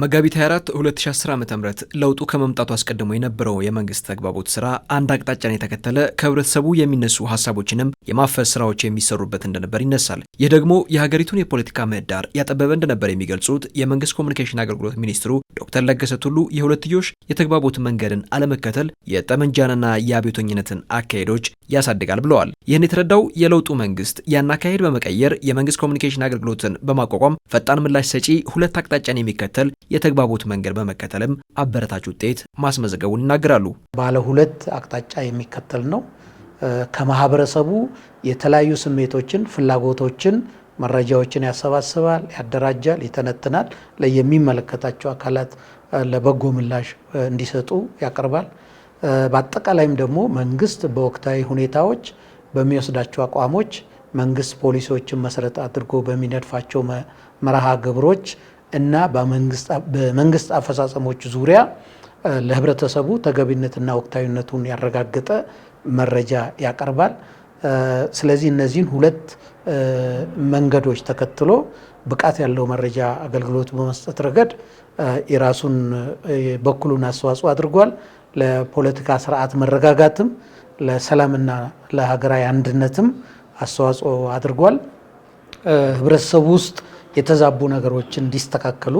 መጋቢት 24 2010 ዓ ም ለውጡ ከመምጣቱ አስቀድሞ የነበረው የመንግስት ተግባቦት ስራ አንድ አቅጣጫን የተከተለ ከህብረተሰቡ የሚነሱ ሀሳቦችንም የማፈስ ስራዎች የሚሰሩበት እንደነበር ይነሳል። ይህ ደግሞ የሀገሪቱን የፖለቲካ ምህዳር ያጠበበ እንደነበር የሚገልጹት የመንግስት ኮሚኒኬሽን አገልግሎት ሚኒስትሩ ዶክተር ለገሰ ቱሉ የሁለትዮሽ የተግባቦት መንገድን አለመከተል የጠመንጃንና የአብዮተኝነትን አካሄዶች ያሳድጋል ብለዋል። ይህን የተረዳው የለውጡ መንግስት ያን አካሄድ በመቀየር የመንግስት ኮሚኒኬሽን አገልግሎትን በማቋቋም ፈጣን ምላሽ ሰጪ ሁለት አቅጣጫን የሚከተል የተግባቦት መንገድ በመከተልም አበረታች ውጤት ማስመዘገቡን ይናገራሉ። ባለ ሁለት አቅጣጫ የሚከተል ነው። ከማህበረሰቡ የተለያዩ ስሜቶችን፣ ፍላጎቶችን፣ መረጃዎችን ያሰባስባል፣ ያደራጃል፣ ይተነትናል፣ ለየሚመለከታቸው አካላት ለበጎ ምላሽ እንዲሰጡ ያቀርባል። በአጠቃላይም ደግሞ መንግስት በወቅታዊ ሁኔታዎች በሚወስዳቸው አቋሞች መንግስት ፖሊሲዎችን መሰረት አድርጎ በሚነድፋቸው መርሃ ግብሮች እና በመንግስት አፈጻጸሞች ዙሪያ ለህብረተሰቡ ተገቢነትና ወቅታዊነቱን ያረጋገጠ መረጃ ያቀርባል። ስለዚህ እነዚህን ሁለት መንገዶች ተከትሎ ብቃት ያለው መረጃ አገልግሎት በመስጠት ረገድ የራሱን በኩሉን አስተዋጽኦ አድርጓል። ለፖለቲካ ስርዓት መረጋጋትም ለሰላምና ለሀገራዊ አንድነትም አስተዋጽኦ አድርጓል። ህብረተሰቡ ውስጥ የተዛቡ ነገሮች እንዲስተካከሉ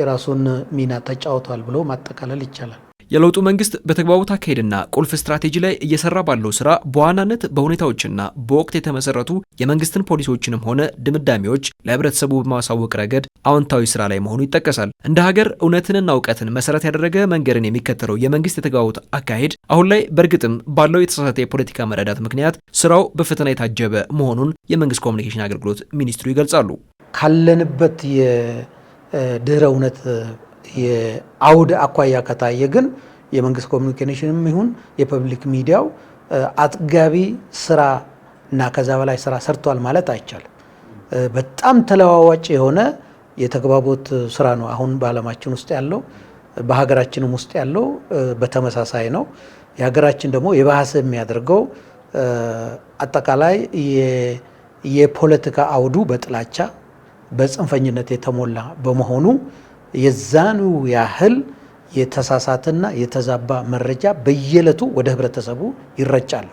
የራሱን ሚና ተጫውቷል ብሎ ማጠቃለል ይቻላል። የለውጡ መንግስት በተግባቦት አካሄድና ቁልፍ ስትራቴጂ ላይ እየሰራ ባለው ስራ በዋናነት በሁኔታዎችና በወቅት የተመሰረቱ የመንግስትን ፖሊሲዎችንም ሆነ ድምዳሜዎች ለህብረተሰቡ በማሳወቅ ረገድ አዎንታዊ ስራ ላይ መሆኑ ይጠቀሳል። እንደ ሀገር እውነትንና እውቀትን መሰረት ያደረገ መንገድን የሚከተለው የመንግስት የተግባቦት አካሄድ አሁን ላይ በእርግጥም ባለው የተሳሳተ የፖለቲካ መረዳት ምክንያት ስራው በፈተና የታጀበ መሆኑን የመንግስት ኮሚኒኬሽን አገልግሎት ሚኒስትሩ ይገልጻሉ። ካለንበት የድህረ እውነት የአውድ አኳያ ከታየ ግን የመንግስት ኮሚኒኬሽንም ይሁን የፐብሊክ ሚዲያው አጥጋቢ ስራ እና ከዛ በላይ ስራ ሰርቷል ማለት አይቻልም። በጣም ተለዋዋጭ የሆነ የተግባቦት ስራ ነው አሁን በዓለማችን ውስጥ ያለው በሀገራችንም ውስጥ ያለው በተመሳሳይ ነው። የሀገራችን ደግሞ የባሰ የሚያደርገው አጠቃላይ የፖለቲካ አውዱ በጥላቻ በጽንፈኝነት የተሞላ በመሆኑ የዛኑ ያህል የተሳሳተና የተዛባ መረጃ በየዕለቱ ወደ ህብረተሰቡ ይረጫሉ።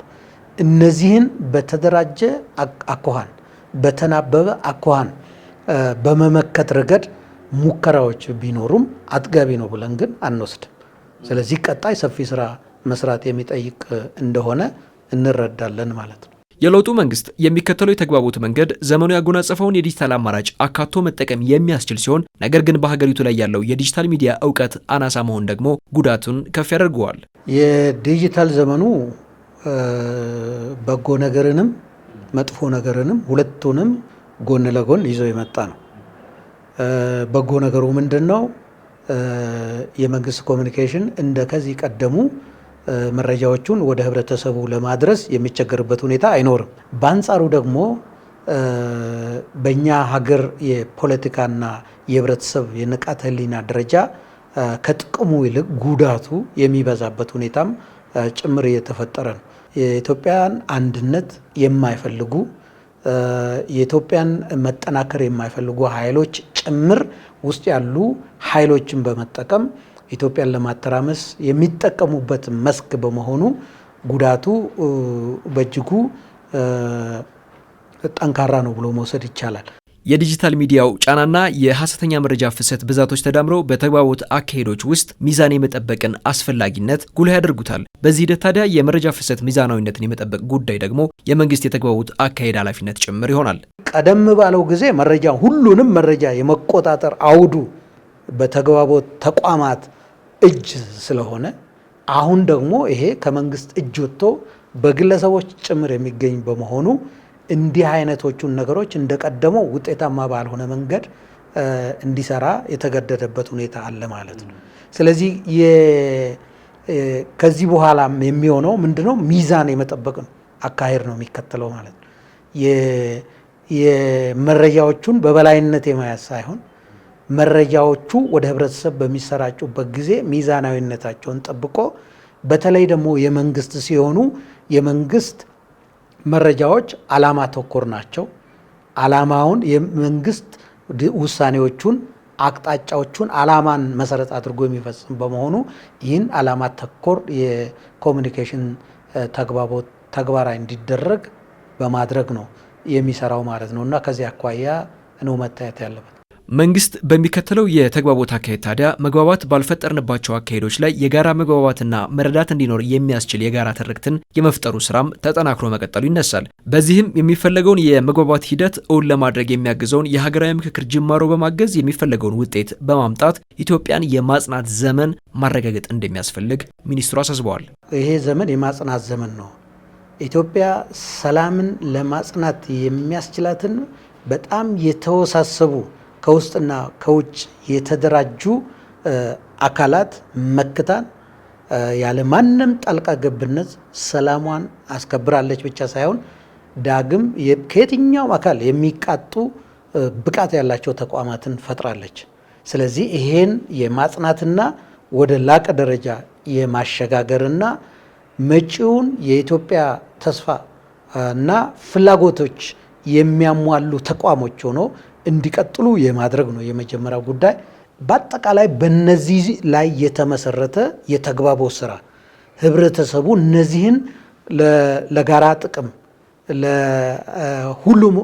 እነዚህን በተደራጀ አኳኋን፣ በተናበበ አኳኋን በመመከት ረገድ ሙከራዎች ቢኖሩም አጥጋቢ ነው ብለን ግን አንወስድም። ስለዚህ ቀጣይ ሰፊ ስራ መስራት የሚጠይቅ እንደሆነ እንረዳለን ማለት ነው። የለውጡ መንግስት የሚከተለው የተግባቦት መንገድ ዘመኑ ያጎናጸፈውን የዲጂታል አማራጭ አካቶ መጠቀም የሚያስችል ሲሆን ነገር ግን በሀገሪቱ ላይ ያለው የዲጂታል ሚዲያ እውቀት አናሳ መሆን ደግሞ ጉዳቱን ከፍ ያደርገዋል። የዲጂታል ዘመኑ በጎ ነገርንም መጥፎ ነገርንም ሁለቱንም ጎን ለጎን ይዘው የመጣ ነው። በጎ ነገሩ ምንድን ነው? የመንግስት ኮሚኒኬሽን እንደ ከዚህ ቀደሙ መረጃዎቹን ወደ ህብረተሰቡ ለማድረስ የሚቸገርበት ሁኔታ አይኖርም። በአንጻሩ ደግሞ በእኛ ሀገር የፖለቲካና የህብረተሰብ የንቃተ ህሊና ደረጃ ከጥቅሙ ይልቅ ጉዳቱ የሚበዛበት ሁኔታም ጭምር እየተፈጠረ ነው። የኢትዮጵያን አንድነት የማይፈልጉ የኢትዮጵያን መጠናከር የማይፈልጉ ኃይሎች ጭምር ውስጥ ያሉ ኃይሎችን በመጠቀም ኢትዮጵያን ለማተራመስ የሚጠቀሙበት መስክ በመሆኑ ጉዳቱ በእጅጉ ጠንካራ ነው ብሎ መውሰድ ይቻላል። የዲጂታል ሚዲያው ጫናና የሐሰተኛ መረጃ ፍሰት ብዛቶች ተዳምረው በተግባቦት አካሄዶች ውስጥ ሚዛን የመጠበቅን አስፈላጊነት ጉልህ ያደርጉታል። በዚህ ሂደት ታዲያ የመረጃ ፍሰት ሚዛናዊነትን የመጠበቅ ጉዳይ ደግሞ የመንግስት የተግባቦት አካሄድ ኃላፊነት ጭምር ይሆናል። ቀደም ባለው ጊዜ መረጃ ሁሉንም መረጃ የመቆጣጠር አውዱ በተግባቦት ተቋማት እጅ ስለሆነ አሁን ደግሞ ይሄ ከመንግስት እጅ ወጥቶ በግለሰቦች ጭምር የሚገኝ በመሆኑ እንዲህ አይነቶቹን ነገሮች እንደቀደመው ውጤታማ ባልሆነ መንገድ እንዲሰራ የተገደደበት ሁኔታ አለ ማለት ነው። ስለዚህ ከዚህ በኋላም የሚሆነው ምንድነው? ሚዛን የመጠበቅ አካሄድ ነው የሚከተለው ማለት ነው። የመረጃዎቹን በበላይነት የመያዝ ሳይሆን መረጃዎቹ ወደ ህብረተሰብ በሚሰራጩበት ጊዜ ሚዛናዊነታቸውን ጠብቆ በተለይ ደግሞ የመንግስት ሲሆኑ የመንግስት መረጃዎች አላማ ተኮር ናቸው። አላማውን የመንግስት ውሳኔዎቹን አቅጣጫዎቹን አላማን መሰረት አድርጎ የሚፈጽም በመሆኑ ይህን አላማ ተኮር የኮሚኒኬሽን ተግባቦት ተግባራዊ እንዲደረግ በማድረግ ነው የሚሰራው ማለት ነው እና ከዚህ አኳያ ነው መታየት ያለበት። መንግስት በሚከተለው የተግባቦት አካሄድ ታዲያ መግባባት ባልፈጠርንባቸው አካሄዶች ላይ የጋራ መግባባትና መረዳት እንዲኖር የሚያስችል የጋራ ትርክትን የመፍጠሩ ስራም ተጠናክሮ መቀጠሉ ይነሳል። በዚህም የሚፈለገውን የመግባባት ሂደት እውን ለማድረግ የሚያግዘውን የሀገራዊ ምክክር ጅማሮ በማገዝ የሚፈለገውን ውጤት በማምጣት ኢትዮጵያን የማጽናት ዘመን ማረጋገጥ እንደሚያስፈልግ ሚኒስትሩ አሳስበዋል። ይሄ ዘመን የማጽናት ዘመን ነው። ኢትዮጵያ ሰላምን ለማጽናት የሚያስችላትን በጣም የተወሳሰቡ ከውስጥና ከውጭ የተደራጁ አካላት መክታን ያለ ማንም ጣልቃ ገብነት ሰላሟን አስከብራለች ብቻ ሳይሆን ዳግም ከየትኛውም አካል የሚቃጡ ብቃት ያላቸው ተቋማትን ፈጥራለች። ስለዚህ ይሄን የማጽናትና ወደ ላቀ ደረጃ የማሸጋገርና መጪውን የኢትዮጵያ ተስፋ እና ፍላጎቶች የሚያሟሉ ተቋሞች ሆኖ እንዲቀጥሉ የማድረግ ነው የመጀመሪያው ጉዳይ። በአጠቃላይ በነዚህ ላይ የተመሰረተ የተግባቦት ስራ ህብረተሰቡ እነዚህን ለጋራ ጥቅም ለሁሉም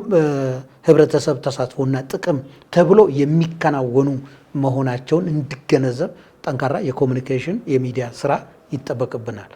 ህብረተሰብ ተሳትፎና ጥቅም ተብሎ የሚከናወኑ መሆናቸውን እንዲገነዘብ ጠንካራ የኮሚኒኬሽን የሚዲያ ስራ ይጠበቅብናል።